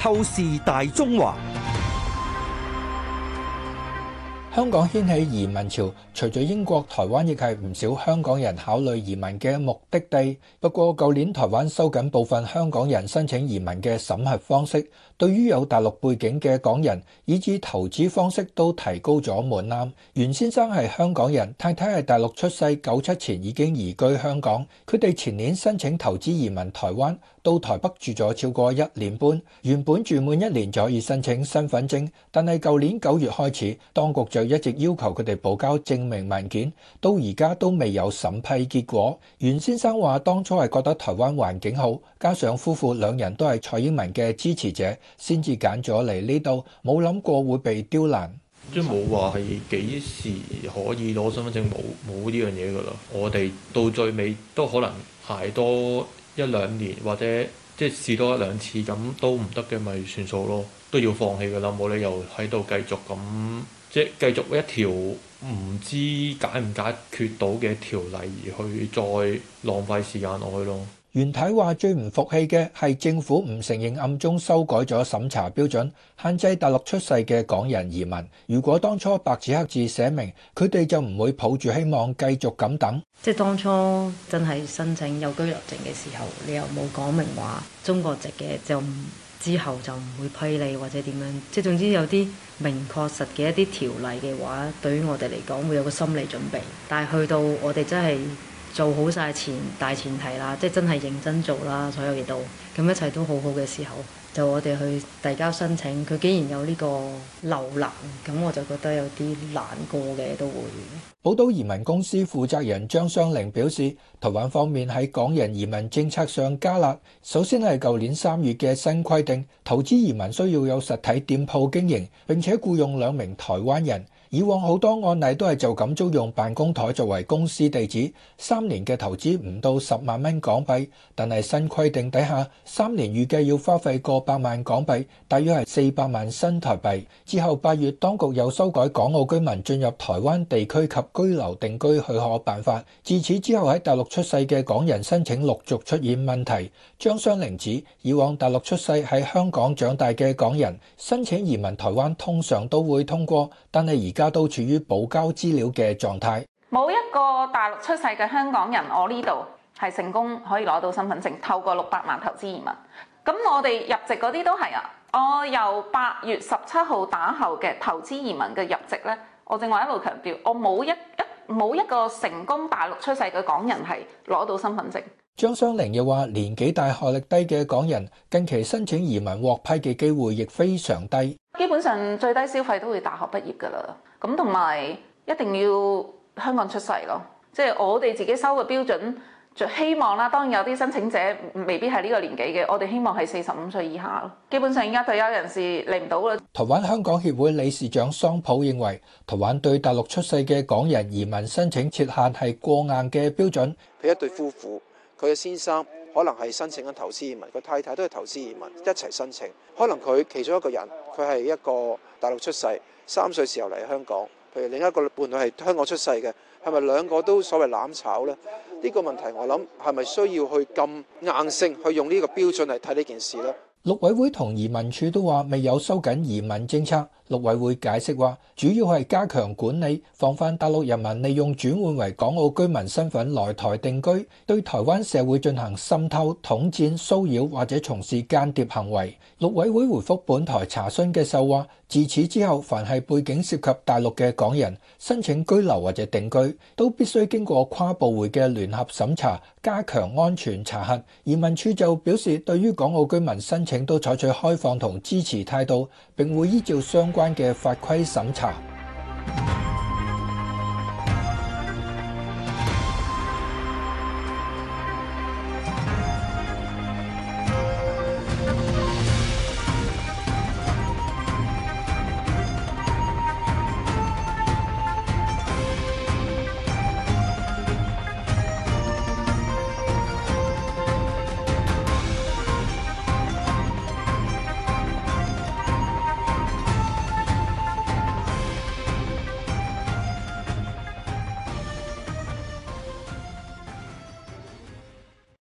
透視大中華。香港掀起移民潮，除咗英國，台灣亦係唔少香港人考慮移民嘅目的地。不過舊年台灣收緊部分香港人申請移民嘅審核方式，對於有大陸背景嘅港人，以至投資方式都提高咗門檻。袁先生係香港人，太太係大陸出世，九七前已經移居香港。佢哋前年申請投資移民台灣，到台北住咗超過一年半，原本住滿一年就可以申請身份證，但係舊年九月開始，當局將就一直要求佢哋補交證明文件，到而家都未有審批結果。袁先生話當初係覺得台灣環境好，加上夫婦兩人都係蔡英文嘅支持者，先至揀咗嚟呢度，冇諗過會被刁難。即係冇話係幾時可以攞身份證沒有，冇冇呢樣嘢噶啦。我哋到最尾都可能挨多一兩年，或者即係試多一兩次咁都唔得嘅，咪算數咯，都要放棄噶啦，冇理由喺度繼續咁。即繼續一條唔知解唔解決到嘅條例而去再浪費時間落去咯。袁太話最唔服氣嘅係政府唔承認暗中修改咗審查標準，限制大陸出世嘅港人移民。如果當初白紙黑字寫明，佢哋就唔會抱住希望繼續咁等。即係當初真係申請有居留證嘅時候，你又冇講明話中國籍嘅就唔之後就唔會批你或者點樣，即係總之有啲明確實嘅一啲條例嘅話，對於我哋嚟講會有個心理準備。但係去到我哋真係。做好曬前大前提啦，即係真係認真做啦，所有嘢都咁一切都好好嘅時候，就我哋去遞交申請，佢竟然有呢個瀏覽，咁我就覺得有啲難過嘅都會。寶島移民公司負責人張相玲表示，台灣方面喺港人移民政策上加辣，首先係舊年三月嘅新規定，投資移民需要有實體店鋪經營，並且僱用兩名台灣人。以往好多案例都係就咁租用辦公台作為公司地址，三年嘅投資唔到十萬蚊港幣，但係新規定底下，三年預計要花費過百萬港幣，大約係四百萬新台幣。之後八月當局又修改《港澳居民進入台灣地區及居留定居許可辦法》，自此之後喺大陸出世嘅港人申請陸續出現問題。張雙玲指，以往大陸出世喺香港長大嘅港人申請移民台灣通常都會通過，但係而家。而家都處於補交資料嘅狀態，冇一個大陸出世嘅香港人，我呢度係成功可以攞到身份證，透過六百萬投資移民。咁我哋入籍嗰啲都係啊，我由八月十七號打後嘅投資移民嘅入籍咧，我正話一路強調，我冇一一冇一個成功大陸出世嘅港人係攞到身份證。張雙玲又話：年紀大、學歷低嘅港人，近期申請移民獲批嘅機會亦非常低。基本上最低消費都會大學畢業噶啦，咁同埋一定要香港出世咯。即係我哋自己收嘅標準就希望啦。當然有啲申請者未必係呢個年紀嘅，我哋希望係四十五歲以下咯。基本上而家退休人士嚟唔到啦。台灣香港協會理事長桑普認為，台灣對大陸出世嘅港人移民申請設限係過硬嘅標準。俾一對夫婦。佢嘅先生可能係申請緊投資移民，佢太太都係投資移民，一齊申請。可能佢其中一個人佢係一個大陸出世，三歲時候嚟香港。譬如另一個伴侶係香港出世嘅，係咪兩個都所謂攬炒呢？呢個問題我諗係咪需要去咁硬性去用呢個標準嚟睇呢件事呢？陸委會同移民署都話未有收緊移民政策。陸委會解釋話，主要係加強管理，防範大陸人民利用轉換為港澳居民身份來台定居，對台灣社會進行滲透、統戰、騷擾或者從事間諜行為。陸委會回覆本台查詢嘅時候話，自此之後，凡係背景涉及大陸嘅港人申請居留或者定居，都必須經過跨部會嘅聯合審查，加強安全查核。移民署就表示，對於港澳居民申請，請都採取開放同支持態度，並會依照相關嘅法規審查。